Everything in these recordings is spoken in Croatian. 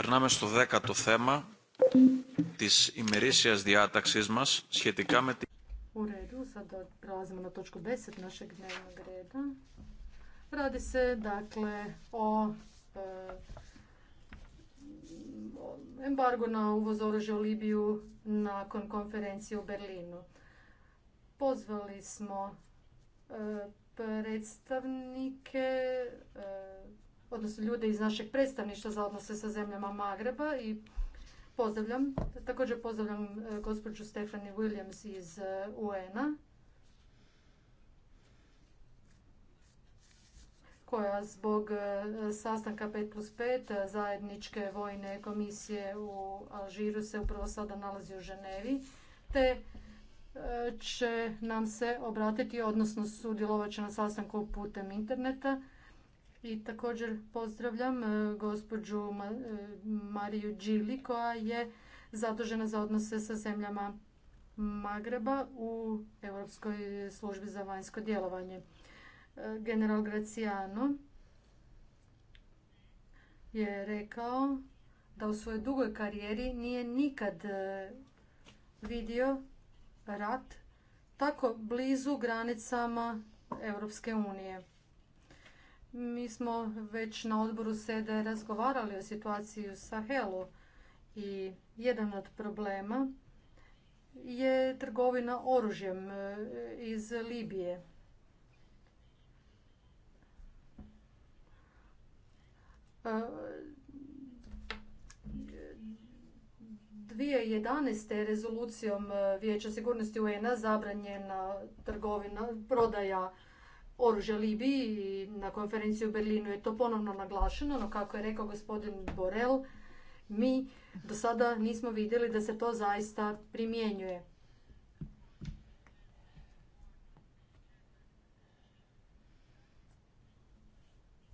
Περνάμε στο δέκατο tema tis ημερήσιας διάταξής μας σχετικά με την... U redu, sada prelazimo na točku 10 našeg dnevnog reda. Radi se dakle o e, embargo na uvoz oružja u Libiju nakon konferencije u Berlinu. Pozvali smo e, predstavnike e, odnosno ljude iz našeg predstavništva za odnose sa zemljama Magreba i pozdravljam, također pozdravljam e, gospođu Stephanie Williams iz e, UN-a koja zbog e, sastanka 5 plus 5 zajedničke vojne komisije u Alžiru se upravo sada nalazi u Ženevi, te će nam se obratiti, odnosno sudjelovat će na sastanku putem interneta. I također pozdravljam e, gospođu e, Mariju Đili koja je zadužena za odnose sa zemljama Magreba u Europskoj službi za vanjsko djelovanje. E, general Graciano je rekao da u svojoj dugoj karijeri nije nikad vidio rat tako blizu granicama Europske unije. Mi smo već na odboru SEDE razgovarali o situaciji u Sahelu i jedan od problema je trgovina oružjem e, iz Libije. E, dvije rezolucijom e, Vijeća sigurnosti UN-a zabranjena trgovina, prodaja oružja Libiji i na konferenciji u Berlinu je to ponovno naglašeno, no kako je rekao gospodin Borel, mi do sada nismo vidjeli da se to zaista primjenjuje.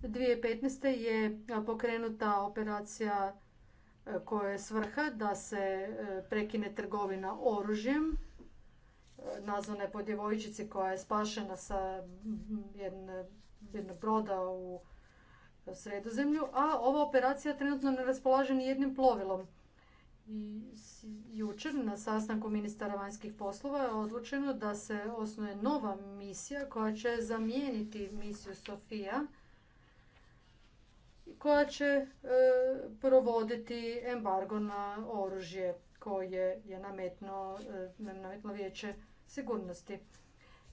U 2015. je pokrenuta operacija e, koja je svrha da se e, prekine trgovina oružjem nazvane po djevojčici koja je spašena sa jednog broda u sredozemlju, a ova operacija trenutno ne raspolaže ni jednim plovilom. I jučer na sastanku ministara vanjskih poslova je odlučeno da se osnuje nova misija koja će zamijeniti misiju Sofija koja će e, provoditi embargo na oružje koje je nametno e, nametno vijeće sigurnosti.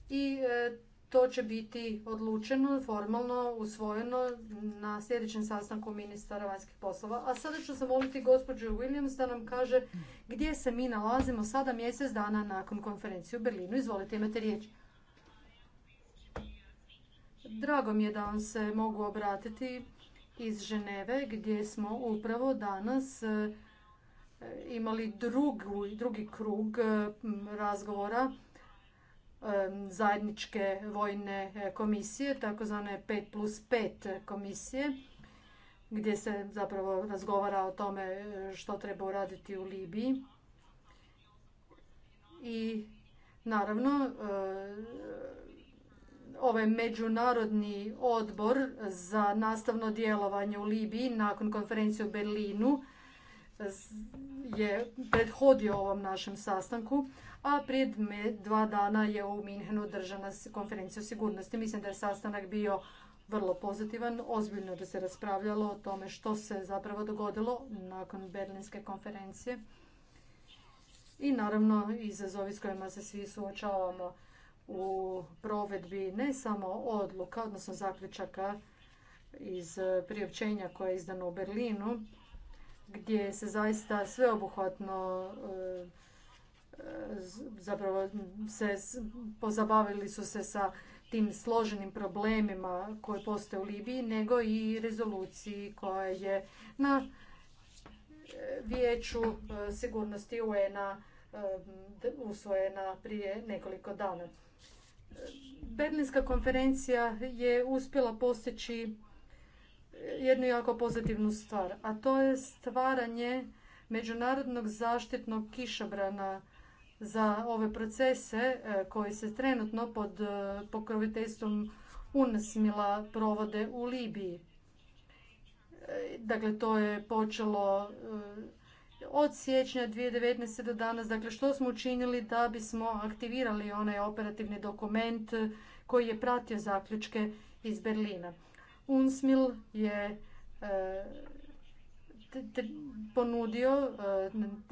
I e, to će biti odlučeno, formalno usvojeno na sljedećem sastanku ministara vanjskih poslova. A sada ću zamoliti gospođu Williams da nam kaže gdje se mi nalazimo sada mjesec dana nakon konferencije u Berlinu. Izvolite, imate riječ. Drago mi je da vam se mogu obratiti iz Ženeve gdje smo upravo danas e, imali drugi krug e, razgovora zajedničke vojne e, komisije, takozvane 5 plus 5 komisije, gdje se zapravo razgovara o tome e, što treba uraditi u Libiji. I naravno, e, ovaj međunarodni odbor za nastavno djelovanje u Libiji nakon konferencije u Berlinu je prethodio ovom našem sastanku, a prije dva dana je u Minhenu držana konferencija o sigurnosti. Mislim da je sastanak bio vrlo pozitivan, ozbiljno da se raspravljalo o tome što se zapravo dogodilo nakon Berlinske konferencije i naravno izazovi s kojima se svi suočavamo u provedbi ne samo odluka, odnosno zaključaka iz priopćenja koje je izdano u Berlinu, gdje se zaista sveobuhvatno e, e, zapravo se pozabavili su se sa tim složenim problemima koje postoje u Libiji, nego i rezoluciji koja je na e, vijeću sigurnosti UN-a usvojena prije nekoliko dana. Berlinska konferencija je uspjela postići jednu jako pozitivnu stvar, a to je stvaranje međunarodnog zaštitnog kišobrana za ove procese e, koji se trenutno pod e, pokroviteljstvom UNSMILA provode u Libiji. E, dakle, to je počelo od siječnja 2019. do danas. Dakle, što smo učinili da bismo aktivirali onaj operativni dokument koji je pratio zaključke iz Berlina. UNSMIL je e, ponudio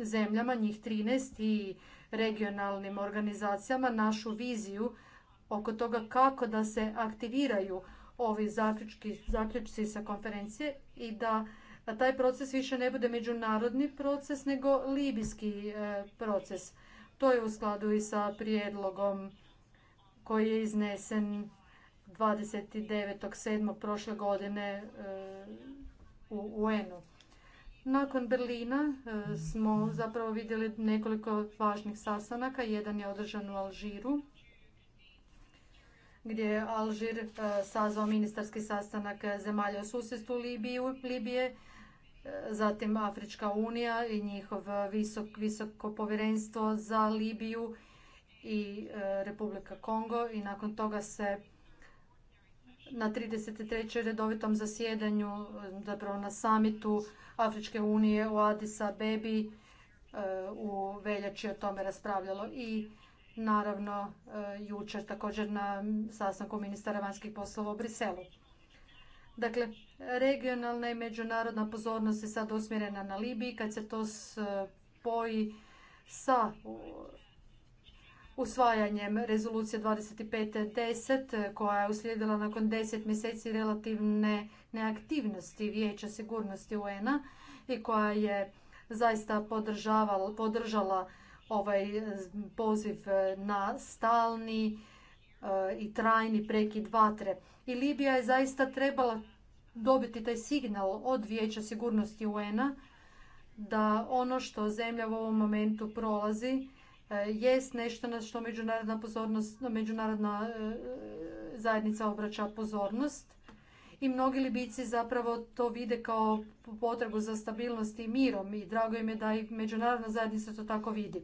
e, zemljama, njih 13 i regionalnim organizacijama našu viziju oko toga kako da se aktiviraju ovi zaključki, zaključci sa konferencije i da taj proces više ne bude međunarodni proces nego libijski e, proces. To je u skladu i sa prijedlogom koji je iznesen 29.7. prošle godine e, u UN-u. Nakon Berlina e, smo zapravo vidjeli nekoliko važnih sastanaka. Jedan je održan u Alžiru gdje je Alžir e, sazvao ministarski sastanak zemalja u susjedstvu Libije, zatim Afrička unija i njihov visoko povjerenstvo za Libiju i Republika Kongo i nakon toga se na 33. redovitom zasjedanju, zapravo na samitu Afričke unije u Addis Abebi e, u veljači o tome raspravljalo i naravno e, jučer također na sastanku ministara vanjskih poslova u Briselu. Dakle, regionalna i međunarodna pozornost je sad usmjerena na Libiji kad se to spoji sa usvajanjem rezolucije 25.10 koja je uslijedila nakon 10 mjeseci relativne neaktivnosti Vijeća sigurnosti UN-a i koja je zaista podržala ovaj eh, poziv eh, na stalni eh, i trajni prekid vatre. I Libija je zaista trebala dobiti taj signal od Vijeća sigurnosti UN-a da ono što zemlja u ovom momentu prolazi E, jest nešto na što međunarodna, pozornost, međunarodna e, zajednica obraća pozornost i mnogi libici zapravo to vide kao potrebu za stabilnost i mirom i drago im je da i međunarodna zajednica to tako vidi.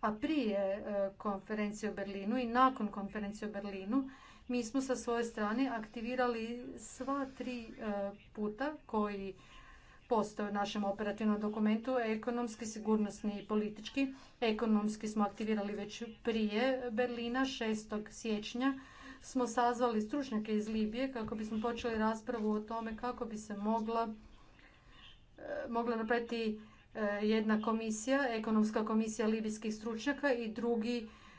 A prije e, konferencije u Berlinu i nakon konferencije u Berlinu mi smo sa svoje strane aktivirali sva tri puta koji postoje u našem operativnom dokumentu, ekonomski, sigurnosni i politički. Ekonomski smo aktivirali već prije Berlina, 6. siječnja smo sazvali stručnjake iz Libije kako bismo počeli raspravu o tome kako bi se mogla, e, mogla napraviti e, jedna komisija, ekonomska komisija libijskih stručnjaka i drugi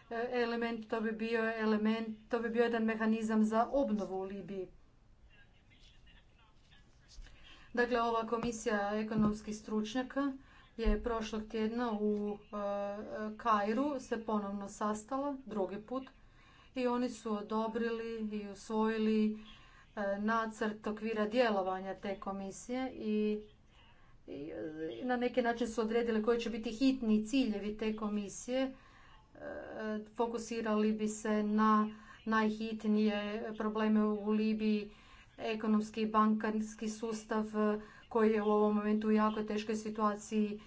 e, element, to bi bio element, to bi bio jedan mehanizam za obnovu u Libiji. Dakle, ova komisija ekonomskih stručnjaka je prošlog tjedna u e, Kairu se ponovno sastala, drugi put, i oni su odobrili i usvojili e, nacrt okvira djelovanja te komisije i na neki način su odredili koji će biti hitni ciljevi te komisije. E, fokusirali bi se na najhitnije probleme u Libiji, ekonomski i bankarski sustav eh, koji je u ovom momentu u jako teškoj situaciji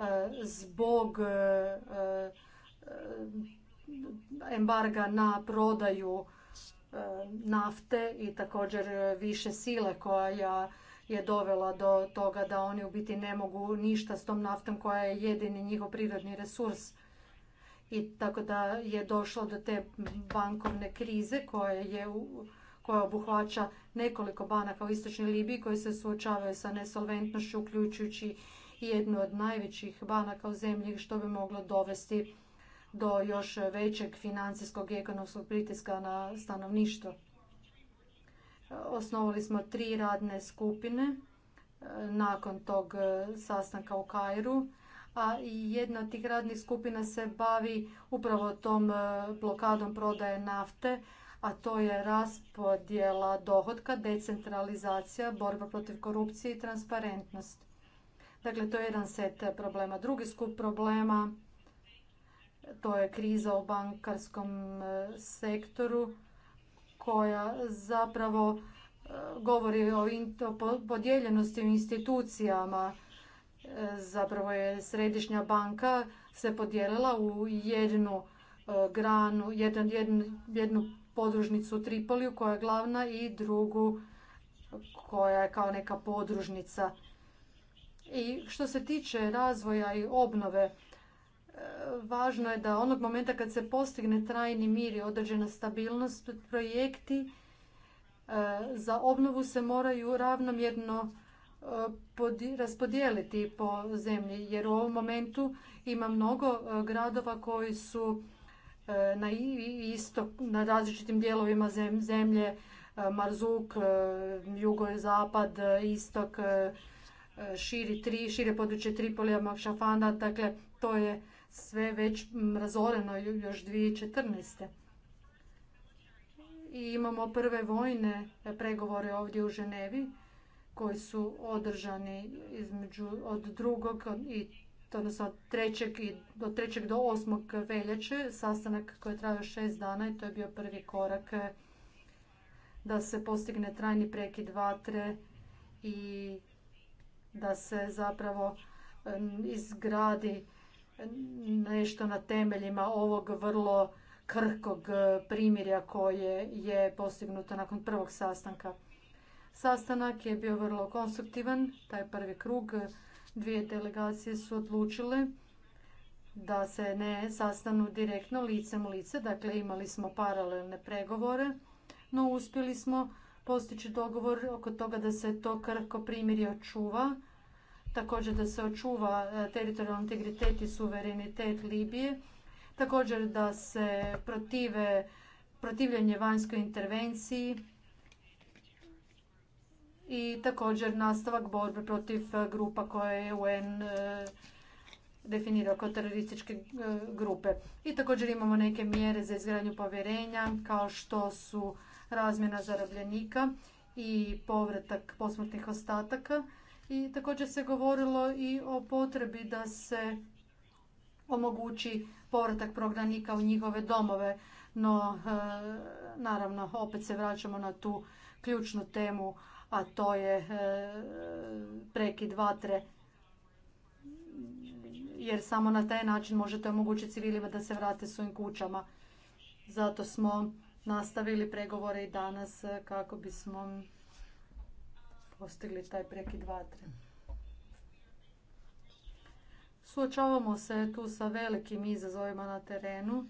eh, zbog eh, embarga na prodaju nafte i također više sile koja je dovela do toga da oni u biti ne mogu ništa s tom naftom koja je jedini njihov prirodni resurs. I tako da je došlo do te bankovne krize koja je u koja obuhvaća nekoliko banaka u istočnoj Libiji koji se suočavaju sa nesolventnošću uključujući jednu od najvećih banaka u zemlji što bi moglo dovesti do još većeg financijskog i ekonomskog pritiska na stanovništvo. Osnovali smo tri radne skupine e, nakon tog e, sastanka u Kairu, a jedna od tih radnih skupina se bavi upravo tom e, blokadom prodaje nafte, a to je raspodjela dohotka, decentralizacija, borba protiv korupcije i transparentnost. Dakle, to je jedan set problema. Drugi skup problema, to je kriza u bankarskom e, sektoru koja zapravo e, govori o podijeljenosti u institucijama. E, zapravo je središnja banka se podijelila u jednu granu, jednu podružnicu Tripoliju koja je glavna i drugu koja je kao neka podružnica. I što se tiče razvoja i obnove, e, važno je da onog momenta kad se postigne trajni mir i određena stabilnost, projekti e, za obnovu se moraju ravnomjerno e, raspodijeliti po zemlji, jer u ovom momentu ima mnogo gradova koji su E, na, istok, na različitim dijelovima zemlje, e, Marzuk, e, jugozapad, istok, širi tri, šire područje Tripolija, Makšafana, dakle to je sve već razoreno još 2014. I imamo prve vojne pregovore ovdje u Ženevi koji su održani između od drugog i odnosno od 3. do trećeg do 8. veljače, sastanak koji je trajao šest dana i to je bio prvi korak eh, da se postigne trajni prekid vatre i da se zapravo izgradi nešto na temeljima ovog vrlo krhkog eh, primirja koje je postignuto nakon prvog sastanka. Sastanak je bio vrlo konstruktivan, taj prvi krug Dvije delegacije su odlučile da se ne sastanu direktno licem lice, dakle imali smo paralelne pregovore, no uspjeli smo postići dogovor oko toga da se to krhko primirje očuva, također da se očuva e, teritorijalni integritet i suverenitet Libije, također da se protive protivljenje vanjskoj intervenciji, i također nastavak borbe protiv e, grupa koje je UN e, definirao kao terorističke e, grupe. I također imamo neke mjere za izgradnju povjerenja kao što su razmjena zarobljenika i povratak posmrtnih ostataka. I također se govorilo i o potrebi da se omogući povratak prognanika u njihove domove. No, naravno, opet se vraćamo na tu ključnu temu a to je e, prekid vatre jer samo na taj način možete omogućiti civilima da se vrate svojim kućama. Zato smo nastavili pregovore i danas e, kako bismo postigli taj prekid vatre. Suočavamo se tu sa velikim izazovima na terenu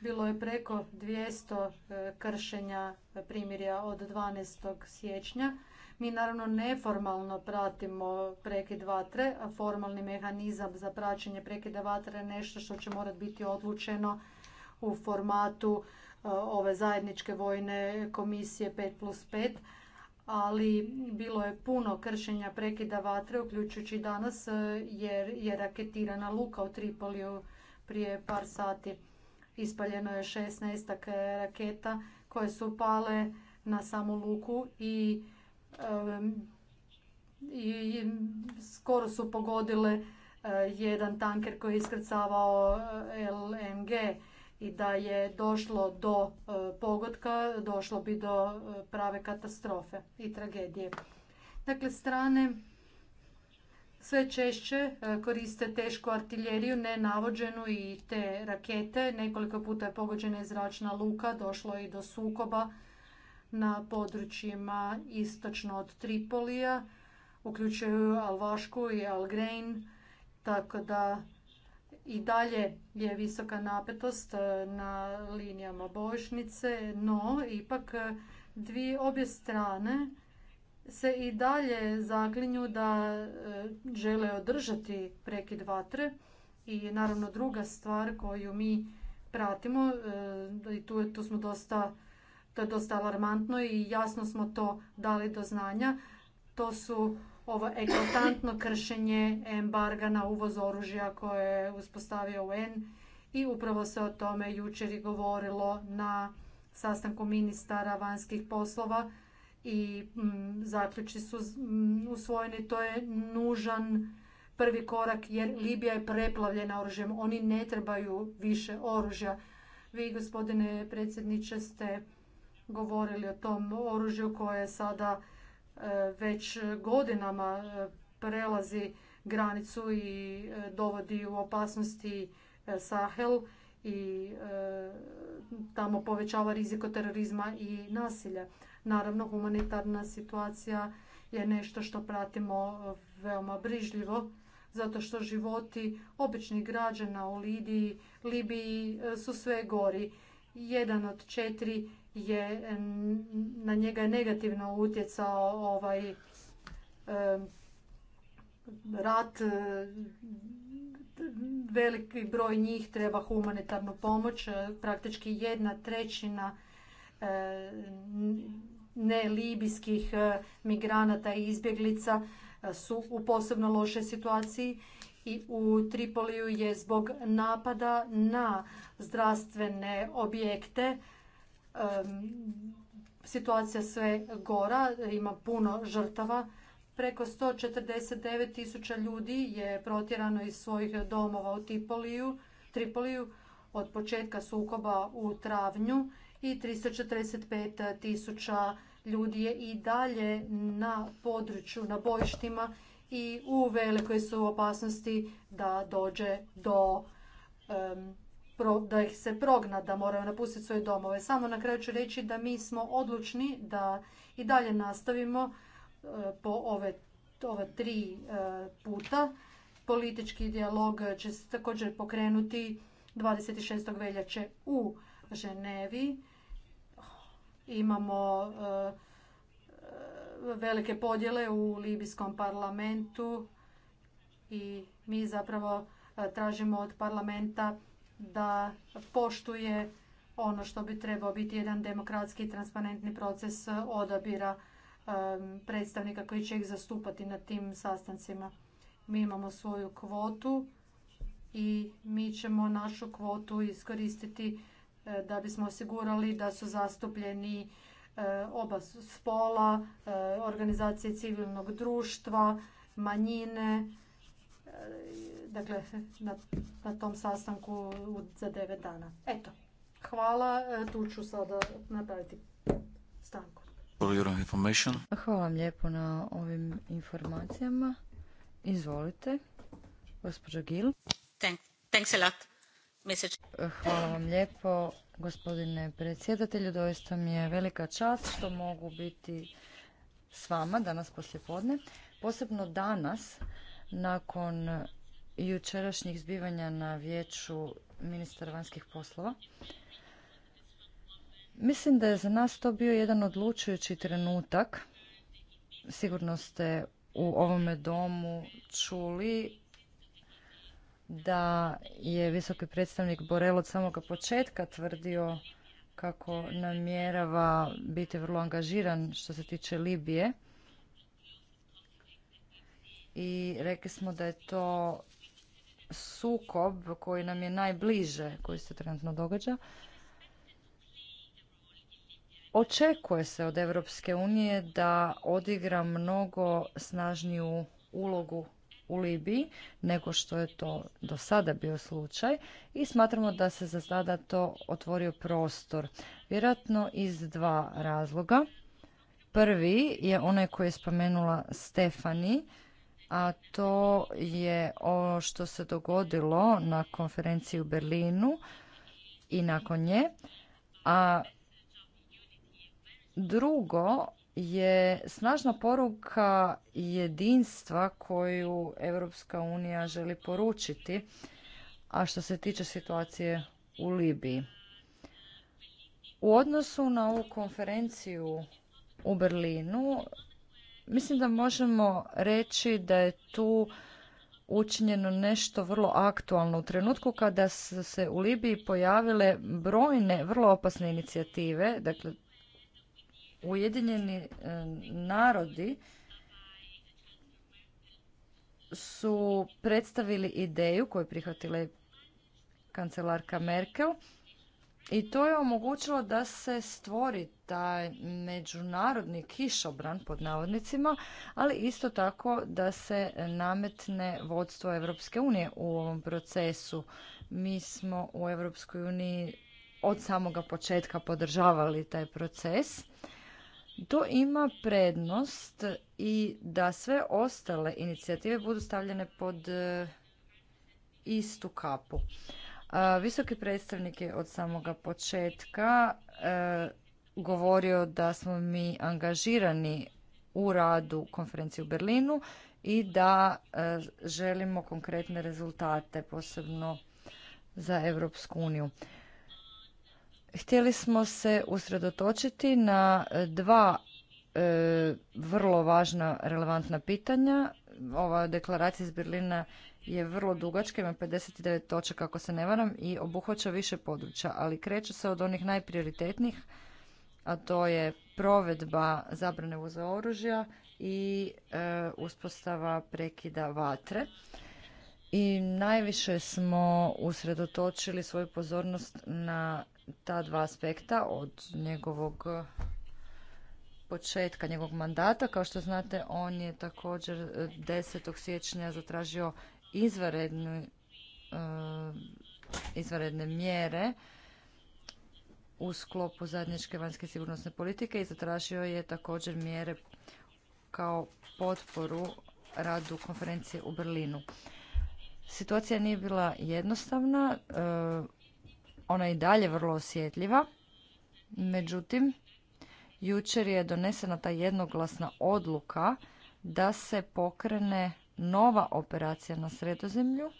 bilo je preko 200 e, kršenja primirja od 12. siječnja. Mi naravno neformalno pratimo prekid vatre, a formalni mehanizam za praćenje prekida vatre je nešto što će morati biti odlučeno u formatu e, ove zajedničke vojne komisije 5 plus 5 ali bilo je puno kršenja prekida vatre, uključujući danas e, jer je raketirana luka u Tripoliju prije par sati. Ispaljeno je 16 raketa koje su pale na samu luku i, skoro su pogodile eh, jedan tanker koji je iskrcavao eh, LNG i da je došlo do eh, pogodka došlo bi do prave katastrofe i tragedije. Dakle, strane sve češće e, koriste tešku artiljeriju, nenavođenu i te rakete. Nekoliko puta je pogođena zračna luka, došlo je i do sukoba na područjima istočno od Tripolija, uključuju Alvašku i Algrain, tako da i dalje je visoka napetost e, na linijama bojišnice, no ipak e, dvije obje strane se i dalje zaklinju da e, žele održati prekid vatre i naravno druga stvar koju mi pratimo e, i tu, tu smo dosta to je dosta alarmantno i jasno smo to dali do znanja. To su ovo eklatantno kršenje embarga na uvoz oružja koje je uspostavio UN i upravo se o tome jučer i govorilo na sastanku ministara vanjskih poslova i mm, zaključi su mm, usvojeni. To je nužan prvi korak jer Libija je preplavljena oružjem. Oni ne trebaju više oružja. Vi, gospodine predsjedniče, ste govorili o tom oružju koje sada e, već godinama e, prelazi granicu i e, dovodi u opasnosti Sahel i tamo povećava riziko terorizma i nasilja. Naravno, humanitarna situacija je nešto što pratimo e, veoma brižljivo, zato što životi običnih građana u Lidiji, Libiji e, su sve gori. Jedan od četiri je, na njega je negativno utjecao ovaj e, rat, veliki broj njih treba humanitarnu pomoć, praktički jedna trećina E, ne libijskih e, migranata i izbjeglica e, su u posebno lošoj situaciji i u Tripoliju je zbog napada na zdravstvene objekte situacija sve gora, ima puno žrtava. Preko 149 tisuća ljudi je protjerano iz svojih domova u Tripoliju od početka sukoba u travnju i 345 tisuća ljudi je i dalje na području, na bojištima i u velikoj su opasnosti da dođe do da ih se progna, da moraju napustiti svoje domove. Samo na kraju ću reći da mi smo odlučni da i dalje nastavimo eh, po ove, ove tri eh, puta. Politički dijalog će se također pokrenuti 26. veljače u Ženevi. Imamo e, e, velike podjele u libijskom parlamentu i mi zapravo e, tražimo od parlamenta da poštuje ono što bi trebao biti jedan demokratski i transparentni proces odabira predstavnika koji će ih zastupati na tim sastancima. Mi imamo svoju kvotu i mi ćemo našu kvotu iskoristiti E, da bismo osigurali da su zastupljeni e, oba spola, e, organizacije civilnog društva, manjine, dakle na, na tom sastanku za devet dana. Eto, hvala, tu ću sada napraviti stanku. Hvala vam lijepo na ovim informacijama. Izvolite, gospođa Gil. Thanks a lot. Hvala vam lijepo, gospodine predsjedatelju. Doista mi je velika čast što mogu biti s vama danas poslijepodne. Posebno danas, nakon jučerašnjih zbivanja na vijeću ministra vanjskih poslova. Mislim da je za nas to bio jedan odlučujući trenutak. Sigurno ste u ovome domu čuli da je visoki predstavnik Borel od samoga početka tvrdio kako namjerava biti vrlo angažiran što se tiče Libije. I rekli smo da je to sukob koji nam je najbliže, koji se trenutno događa. Očekuje se od Europske unije da odigra mnogo snažniju ulogu u Libiji nego što je to do sada bio slučaj i smatramo da se za sada to otvorio prostor. Vjerojatno iz dva razloga. Prvi je onaj koji je spomenula Stefani, a to je ono što se dogodilo na konferenciji u Berlinu i nakon nje. A drugo je snažna poruka jedinstva koju Europska unija želi poručiti, a što se tiče situacije u Libiji. U odnosu na ovu konferenciju u Berlinu, mislim da možemo reći da je tu učinjeno nešto vrlo aktualno u trenutku kada su se u Libiji pojavile brojne vrlo opasne inicijative, dakle Ujedinjeni e, narodi su predstavili ideju koju je prihvatila kancelarka Merkel i to je omogućilo da se stvori taj međunarodni kišobran pod navodnicima, ali isto tako da se nametne vodstvo Evropske unije u ovom procesu. Mi smo u Evropskoj uniji od samoga početka podržavali taj proces to ima prednost i da sve ostale inicijative budu stavljene pod e, istu kapu. E, visoki predstavnik je od samoga početka e, govorio da smo mi angažirani u radu konferencije u Berlinu i da želimo konkretne rezultate, posebno za Europsku uniju. Htjeli smo se usredotočiti na e, dva e, vrlo važna, relevantna pitanja. Ova deklaracija iz Berlina je vrlo dugačka, ima 59 točaka ako se ne varam i obuhvaća više područja, ali kreće se od onih najprioritetnijih, a to je provedba zabrane uza oružja i e, uspostava prekida vatre i najviše smo usredotočili svoju pozornost na ta dva aspekta od njegovog početka njegovog mandata. Kao što znate, on je također 10. siječnja zatražio e, izvanredne mjere u sklopu zajedničke vanjske sigurnosne politike i zatražio je također mjere kao potporu radu konferencije u Berlinu. Situacija nije bila jednostavna, eh, ona je i dalje vrlo osjetljiva, međutim, jučer je donesena ta jednoglasna odluka da se pokrene nova operacija na sredozemlju.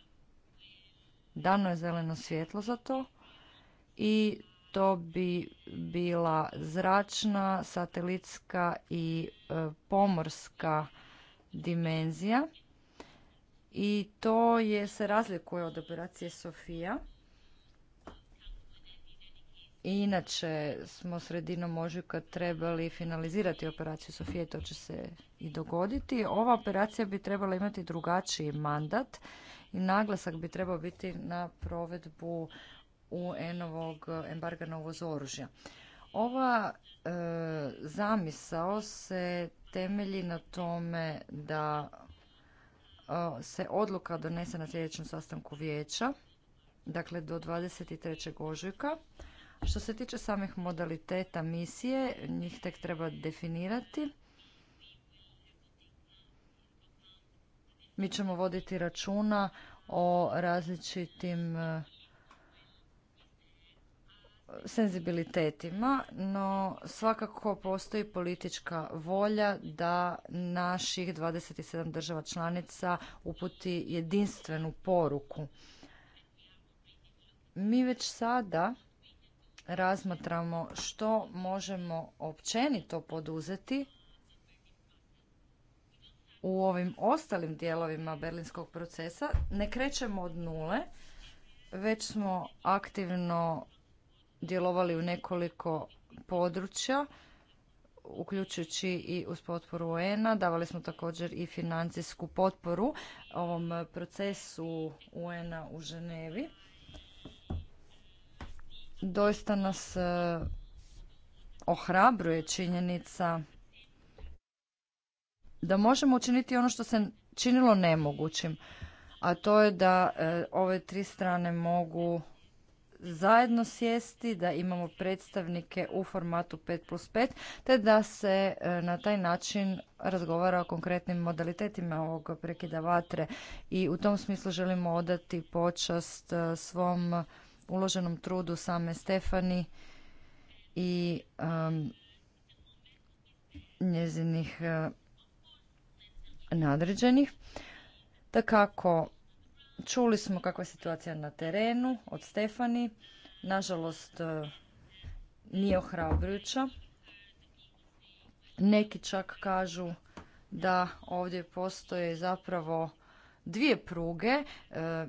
Dano je zeleno svjetlo za to i to bi bila zračna, satelitska i eh, pomorska dimenzija i to je, se razlikuje od operacije Sofija. inače smo sredinom ožujka trebali finalizirati operaciju Sofije, to će se i dogoditi. Ova operacija bi trebala imati drugačiji mandat i naglasak bi trebao biti na provedbu UN-ovog embarga na oružja. Ova e, zamisao se temelji na tome da E, se odluka donese na sljedećem sastanku vijeća, dakle do 23. ožujka. Što se tiče samih modaliteta misije, njih tek treba definirati. Mi ćemo voditi računa o različitim senzibilitetima, no svakako postoji politička volja da naših 27 država članica uputi jedinstvenu poruku. Mi već sada razmatramo što možemo općenito poduzeti u ovim ostalim dijelovima berlinskog procesa. Ne krećemo od nule, već smo aktivno djelovali u nekoliko područja uključujući i uz potporu UN-a. Davali smo također i financijsku potporu ovom procesu UN-a u Ženevi. Doista nas e, ohrabruje činjenica da možemo učiniti ono što se činilo nemogućim, a to je da e, ove tri strane mogu zajedno sjesti, da imamo predstavnike u formatu 5 plus 5, te da se e, na taj način razgovara o konkretnim modalitetima ovog prekida vatre i u tom smislu želimo odati počast e, svom uloženom trudu same Stefani i njezinih e, nadređenih. Takako, Čuli smo kakva je situacija na terenu od Stefani. Nažalost, e, nije ohrabrujuća. Neki čak kažu da ovdje postoje zapravo dvije pruge, e,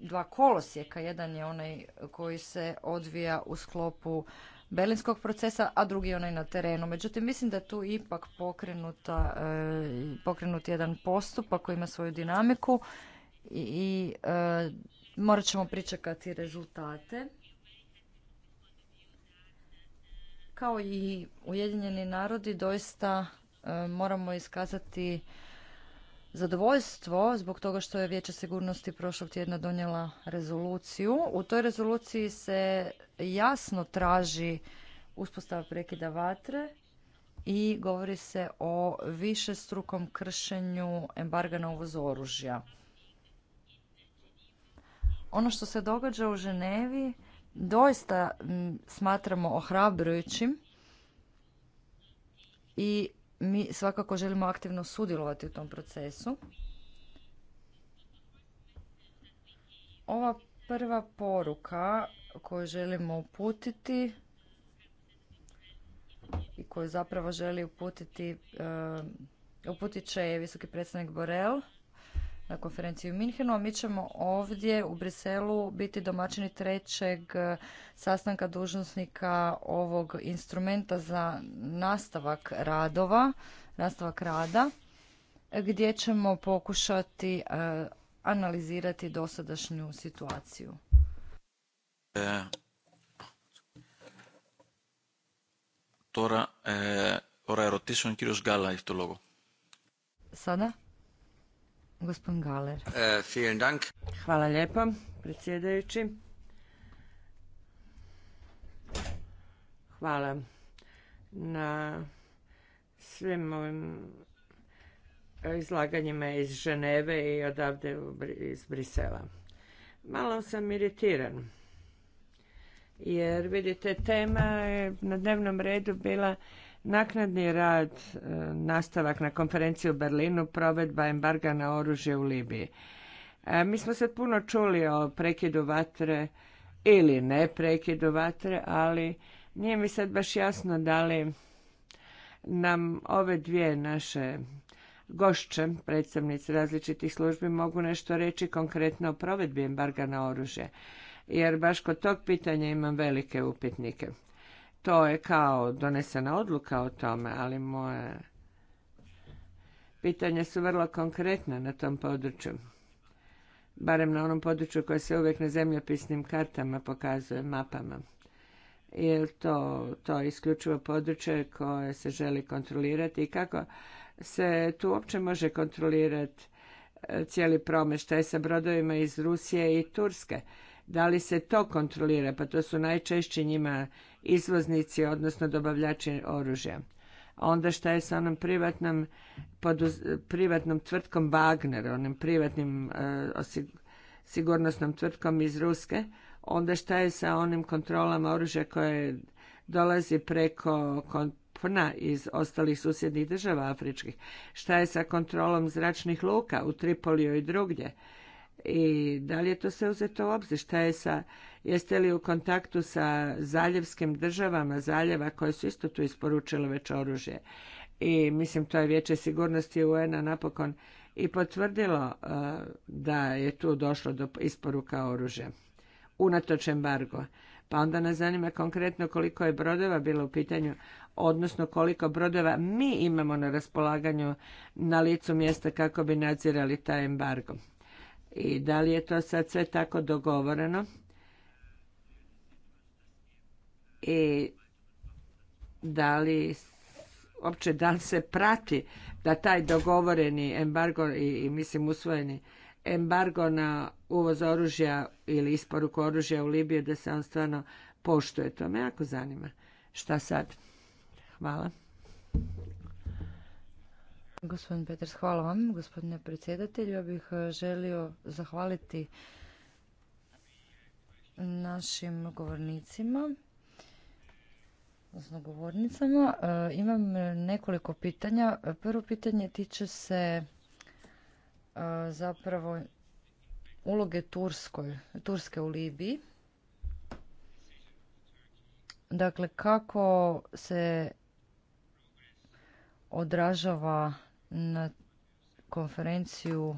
dva kolosijeka. Jedan je onaj koji se odvija u sklopu belinskog procesa, a drugi je onaj na terenu. Međutim, mislim da je tu ipak pokrenuta, e, pokrenut jedan postupak koji ima svoju dinamiku i e, morat ćemo pričekati rezultate. Kao i Ujedinjeni narodi doista e, moramo iskazati zadovoljstvo zbog toga što je Vijeće sigurnosti prošlog tjedna donijela rezoluciju. U toj rezoluciji se jasno traži uspostava prekida vatre i govori se o višestrukom kršenju embarga na uvoz oružja. Ono što se događa u Ženevi doista smatramo ohrabrujućim i mi svakako želimo aktivno sudjelovati u tom procesu. Ova prva poruka koju želimo uputiti i koju zapravo želi uputiti e, uputit će je visoki predstavnik Borel na konferenciji u Minhenu, a mi ćemo ovdje u Briselu biti domaćini trećeg e, sastanka dužnosnika ovog instrumenta za nastavak radova, nastavak rada, gdje ćemo pokušati e, analizirati dosadašnju situaciju. E, e Sada? Gospodin Galer. E, Hvala lijepo, predsjedajući. Hvala na svim ovim izlaganjima iz Ženeve i odavde iz Brisela. Malo sam iritiran. Jer vidite, tema je na dnevnom redu bila Naknadni rad, e, nastavak na konferenciju u Berlinu, provedba embarga na oružje u Libiji. E, mi smo sad puno čuli o prekidu vatre ili ne prekidu vatre, ali nije mi sad baš jasno da li nam ove dvije naše gošće, predstavnici različitih službi, mogu nešto reći konkretno o provedbi embarga na oružje. Jer baš kod tog pitanja imam velike upitnike to je kao donesena odluka o tome, ali moje pitanja su vrlo konkretna na tom području. Barem na onom području koje se uvijek na zemljopisnim kartama pokazuje, mapama. Jer to, to je isključivo područje koje se želi kontrolirati i kako se tu uopće može kontrolirati e, cijeli promet, šta je sa brodovima iz Rusije i Turske. Da li se to kontrolira? Pa to su najčešće njima izvoznici, odnosno dobavljači oružja. onda šta je sa onom privatnom, privatnom tvrtkom Wagner, onim privatnim e, sigurnosnom tvrtkom iz Ruske, onda šta je sa onim kontrolama oružja koje dolazi preko pna iz ostalih susjednih država afričkih? Šta je sa kontrolom zračnih luka u Tripoliju i drugdje? i da li je to sve uzeto u obzir? Šta je sa, jeste li u kontaktu sa zaljevskim državama, zaljeva koje su isto tu isporučile već oružje? I mislim to je Vijeće sigurnosti UN-a napokon i potvrdilo e, da je tu došlo do isporuka oružja unatoč embargo. Pa onda nas zanima konkretno koliko je brodova bilo u pitanju, odnosno koliko brodova mi imamo na raspolaganju na licu mjesta kako bi nadzirali taj embargo i da li je to sad sve tako dogovoreno i da li uopće da li se prati da taj dogovoreni embargo i, mislim usvojeni embargo na uvoz oružja ili isporuku oružja u Libiju da se on stvarno poštuje. To me jako zanima. Šta sad? Hvala. Gospodin Peters, hvala vam. Gospodine predsjedatelju, ja bih e, želio zahvaliti našim govornicima, odnosno govornicama. E, imam nekoliko pitanja. Prvo pitanje tiče se e, zapravo uloge Turskoj, Turske u Libiji. Dakle, kako se odražava na konferenciju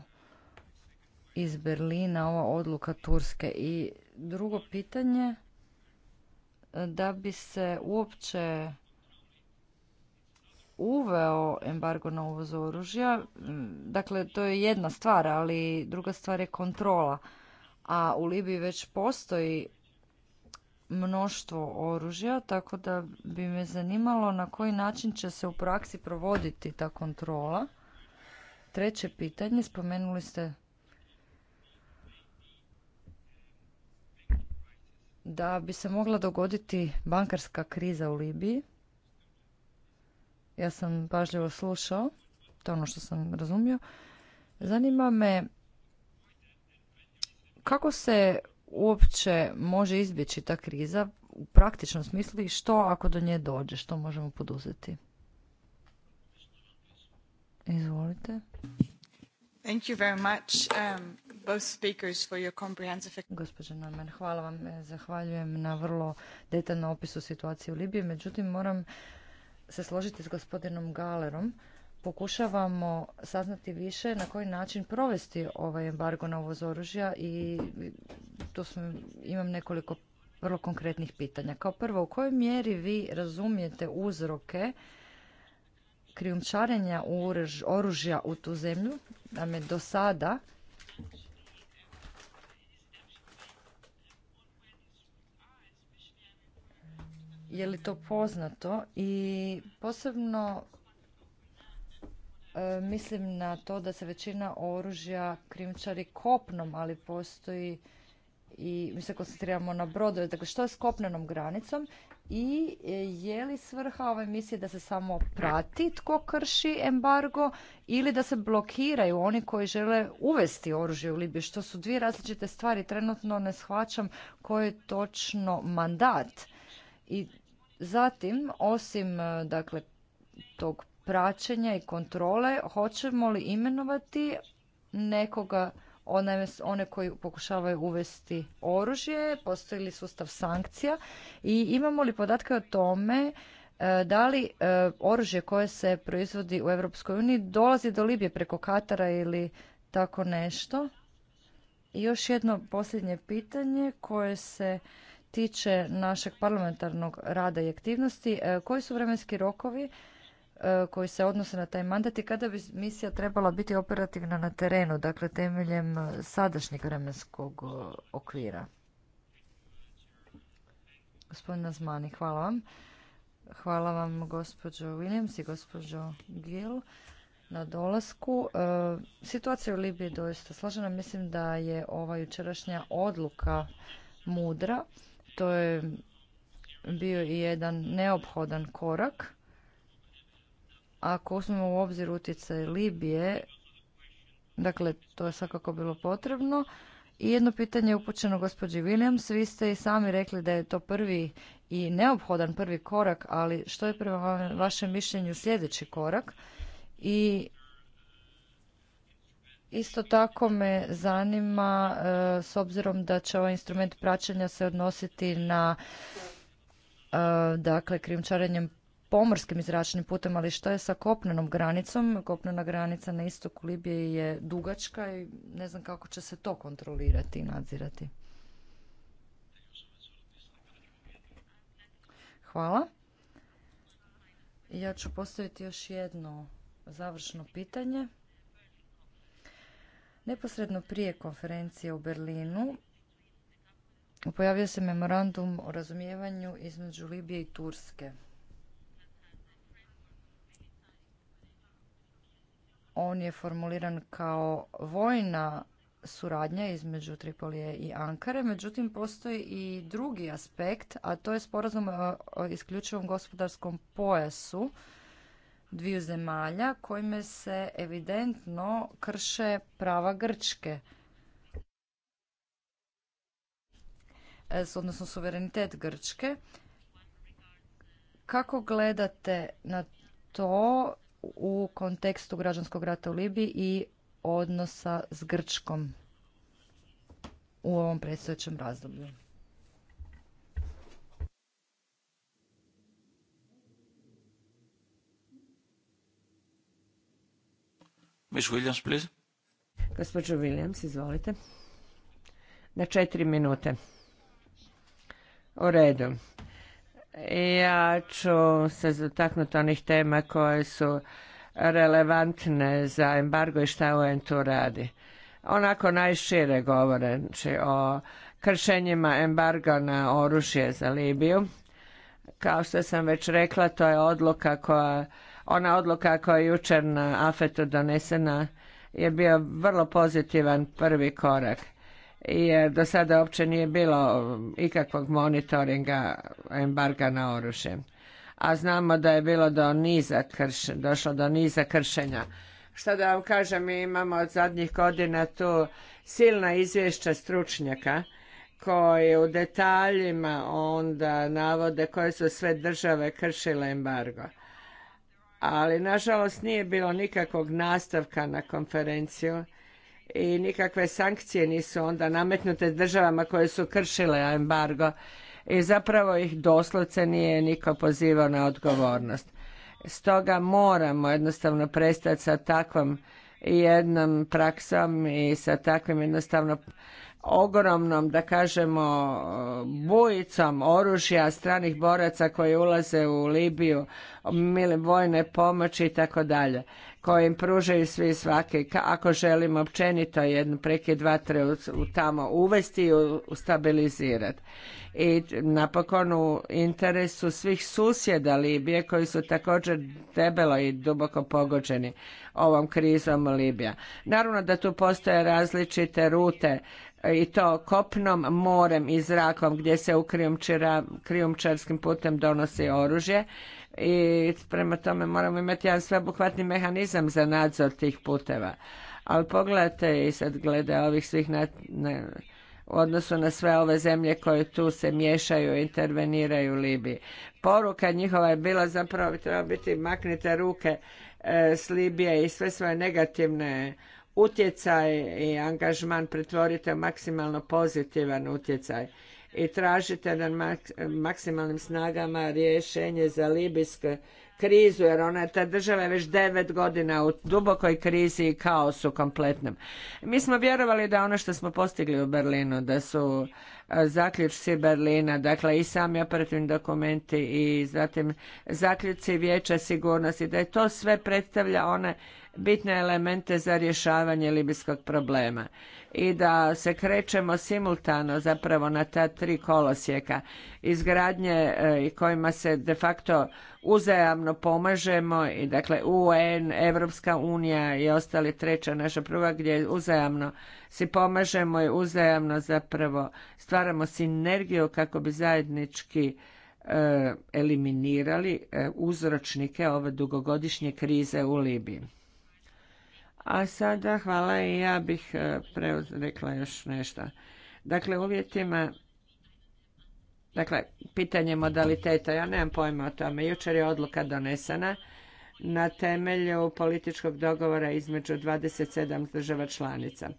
iz Berlina ova odluka Turske. I drugo pitanje, da bi se uopće uveo embargo na uvoz oružja, dakle to je jedna stvar, ali druga stvar je kontrola. A u Libiji već postoji mnoštvo oružja, tako da bi me zanimalo na koji način će se u praksi provoditi ta kontrola. Treće pitanje, spomenuli ste da bi se mogla dogoditi bankarska kriza u Libiji. Ja sam pažljivo slušao, to je ono što sam razumio. Zanima me kako se uopće može izbjeći ta kriza u praktičnom smislu i što ako do nje dođe, što možemo poduzeti? Izvolite. Thank very much, um, both speakers for your comprehensive... Gospođa Norman, hvala vam. E, zahvaljujem na vrlo detaljnom opisu situacije u Libiji. Međutim, moram se složiti s gospodinom Galerom pokušavamo saznati više na koji način provesti ovaj embargo na uvoz oružja i tu smo, imam nekoliko vrlo konkretnih pitanja. Kao prvo, u kojoj mjeri vi razumijete uzroke krijumčarenja oružja u tu zemlju? Da me do sada je li to poznato i posebno E, mislim na to da se većina oružja krimčari kopnom, ali postoji i mi se koncentriramo na brodove. Dakle, što je s kopnenom granicom i e, je li svrha ove misije da se samo prati tko krši embargo ili da se blokiraju oni koji žele uvesti oružje u Libiju, što su dvije različite stvari. Trenutno ne shvaćam koji je točno mandat. I zatim, osim e, dakle, tog praćenja i kontrole, hoćemo li imenovati nekoga one, one koji pokušavaju uvesti oružje, postoji li sustav sankcija i imamo li podatke o tome e, da li e, oružje koje se proizvodi u Europskoj uniji dolazi do Libije preko Katara ili tako nešto? I još jedno posljednje pitanje koje se tiče našeg parlamentarnog rada i aktivnosti. E, koji su vremenski rokovi E, koji se odnose na taj mandat i kada bi misija trebala biti operativna na terenu, dakle temeljem e, sadašnjeg vremenskog e, okvira. Gospodina Zmani, hvala vam. Hvala vam gospođo Williams i gospođo Gil na dolasku. situacija u Libiji je doista složena. Mislim da je ova jučerašnja odluka mudra. To je bio i jedan neophodan korak ako uzmemo u obzir utjecaj Libije, dakle to je svakako bilo potrebno. I jedno pitanje je upućeno gospođi Williams. Vi ste i sami rekli da je to prvi i neophodan prvi korak, ali što je prema vašem mišljenju sljedeći korak? I Isto tako me zanima e, s obzirom da će ovaj instrument praćenja se odnositi na e, dakle krijumčarenjem pomorskim i zračnim putem, ali što je sa kopnenom granicom? Kopnena granica na istoku Libije je dugačka i ne znam kako će se to kontrolirati i nadzirati. Hvala. Ja ću postaviti još jedno završno pitanje. Neposredno prije konferencije u Berlinu pojavio se memorandum o razumijevanju između Libije i Turske. on je formuliran kao vojna suradnja između Tripolije i Ankare, međutim postoji i drugi aspekt, a to je sporazum o isključivom gospodarskom pojasu dviju zemalja kojime se evidentno krše prava Grčke. E, odnosno suverenitet Grčke. Kako gledate na to u kontekstu građanskog rata u Libiji i odnosa s Grčkom u ovom predstojećem razdoblju. Miss Williams, please. Gospođo Williams, izvolite. Na četiri minute. O redu. Ja ću se zataknuti onih tema koje su relevantne za embargo i šta UN tu radi. Onako najšire govoreći o kršenjima embarga na oružje za Libiju. Kao što sam već rekla, to je odluka koja, ona odluka koja je jučer na afet donesena je bio vrlo pozitivan prvi korak jer do sada uopće nije bilo um, ikakvog monitoringa embarga na oružje. A znamo da je bilo do niza krš, došlo do niza kršenja. Što da vam kažem, mi imamo od zadnjih godina tu silna izvješća stručnjaka koji u detaljima onda navode koje su sve države kršile embargo. Ali nažalost nije bilo nikakvog nastavka na konferenciju i nikakve sankcije nisu onda nametnute državama koje su kršile embargo i zapravo ih doslovce nije niko pozivao na odgovornost. Stoga moramo jednostavno prestati sa takvom jednom praksom i sa takvim jednostavno ogromnom, da kažemo, bujicom oružja stranih boraca koji ulaze u Libiju, vojne pomoći i tako dalje koje im pružaju svi svaki, ako želimo općenito jednu prekid tre u, tamo uvesti i stabilizirati. I napokon u interesu svih susjeda Libije koji su također debelo i duboko pogođeni ovom krizom Libija. Naravno da tu postoje različite rute e, i to kopnom, morem i zrakom gdje se u krijumčarskim putem donosi oružje i prema tome moramo imati jedan sveobuhvatni mehanizam za nadzor tih puteva. Ali pogledajte i sad glede ovih svih na, u odnosu na sve ove zemlje koje tu se miješaju, interveniraju u Libiji. Poruka njihova je bila zapravo treba biti maknite ruke e, s Libije i sve svoje negativne utjecaj i angažman pretvorite u maksimalno pozitivan utjecaj i tražite na maksimalnim snagama rješenje za libijsku krizu, jer ona, ta država je već devet godina u dubokoj krizi i kaosu kompletnom. Mi smo vjerovali da ono što smo postigli u Berlinu, da su zaključci Berlina, dakle i sami operativni dokumenti i zatim zaključci Vijeća sigurnosti, da je to sve predstavlja one bitne elemente za rješavanje libijskog problema i da se krećemo simultano zapravo na ta tri kolosijeka izgradnje eh, i kojima se de facto uzajamno pomažemo i dakle UN, Evropska unija i ostali treća naša prva gdje uzajamno si pomažemo i uzajamno zapravo stvaramo sinergiju kako bi zajednički eh, eliminirali eh, uzročnike ove dugogodišnje krize u Libiji. A sada hvala i ja bih e, rekla još nešto. Dakle, uvjetima Dakle, pitanje modaliteta, ja nemam pojma o tome. Jučer je odluka donesena na temelju političkog dogovora između 27 država članica.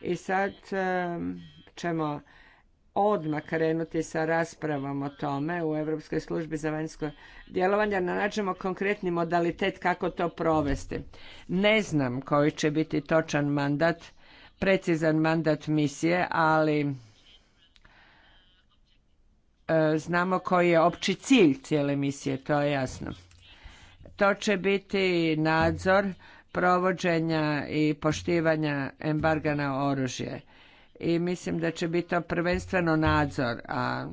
I sad e, ćemo odmah krenuti sa raspravom o tome u Europskoj službi za vanjsko djelovanje, da nađemo konkretni modalitet kako to provesti. Ne znam koji će biti točan mandat, precizan mandat misije, ali e, znamo koji je opći cilj cijele misije, to je jasno. To će biti nadzor provođenja i poštivanja embarga na oružje i mislim da će biti to prvenstveno nadzor, a,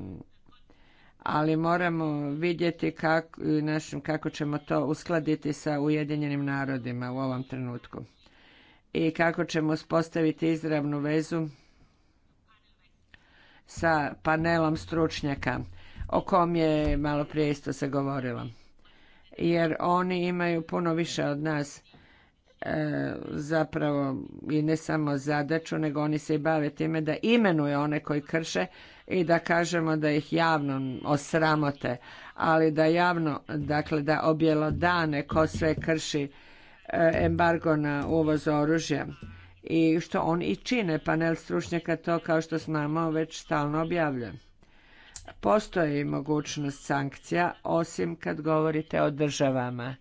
ali moramo vidjeti kako, kako ćemo to uskladiti sa Ujedinjenim narodima u ovom trenutku i kako ćemo uspostaviti izravnu vezu sa panelom stručnjaka o kom je malo prije isto se govorilo. Jer oni imaju puno više od nas E, zapravo i ne samo zadaću, nego oni se i bave time da imenuje one koji krše i da kažemo da ih javno osramote, ali da javno, dakle da objelodane ko sve krši e, embargo na uvoz oružja i što on i čine. Panel stručnjaka to kao što znamo već stalno objavlja. Postoji mogućnost sankcija osim kad govorite o državama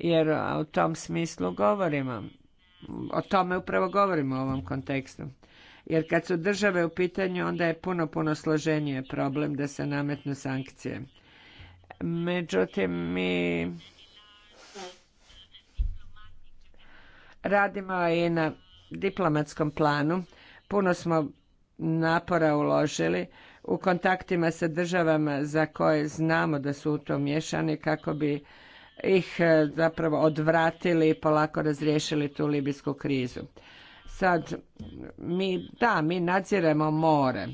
jer u tom smislu govorimo. O tome upravo govorimo u ovom kontekstu. Jer kad su države u pitanju, onda je puno, puno složenije problem da se nametnu sankcije. Međutim, mi radimo i na diplomatskom planu. Puno smo napora uložili u kontaktima sa državama za koje znamo da su u to miješani kako bi ih e, zapravo odvratili i polako razriješili tu libijsku krizu. Sad, mi, da, mi nadziremo more,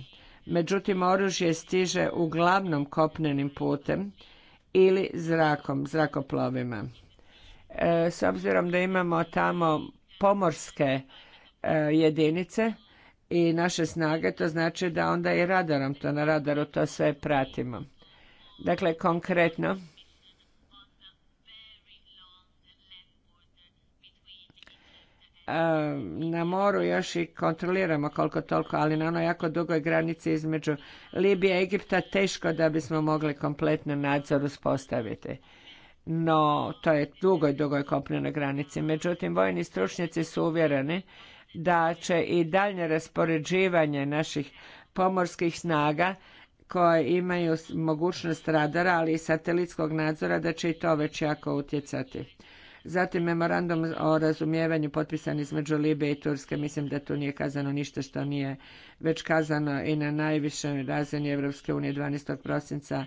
međutim oružje stiže uglavnom kopnenim putem ili zrakom, zrakoplovima. E, s obzirom da imamo tamo pomorske e, jedinice i naše snage, to znači da onda i radarom to na radaru to sve pratimo. Dakle, konkretno, na moru još i kontroliramo koliko toliko, ali na onoj jako dugoj granici između Libije i Egipta teško da bismo mogli kompletno nadzor uspostaviti. No, to je dugoj, dugoj kopnenoj granici. Međutim, vojni stručnjaci su uvjereni da će i daljnje raspoređivanje naših pomorskih snaga koje imaju mogućnost radara, ali i satelitskog nadzora, da će i to već jako utjecati. Zatim memorandum o razumijevanju potpisan između Libije i Turske. Mislim da tu nije kazano ništa što nije već kazano i na najvišoj razini Europske unije 12. prosinca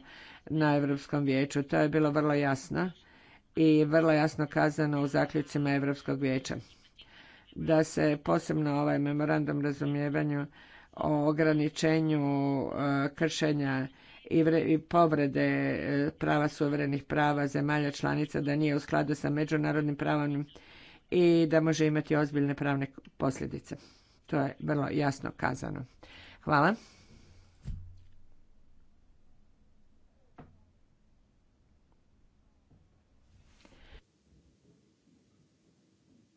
na Europskom vijeću. To je bilo vrlo jasno i vrlo jasno kazano u zaključcima Europskog vijeća da se posebno ovaj memorandum razumijevanju o ograničenju e, kršenja i povrede e, prava suverenih prava zemalja članica da nije u skladu sa međunarodnim pravom i da može imati ozbiljne pravne posljedice. To je vrlo jasno kazano. Hvala.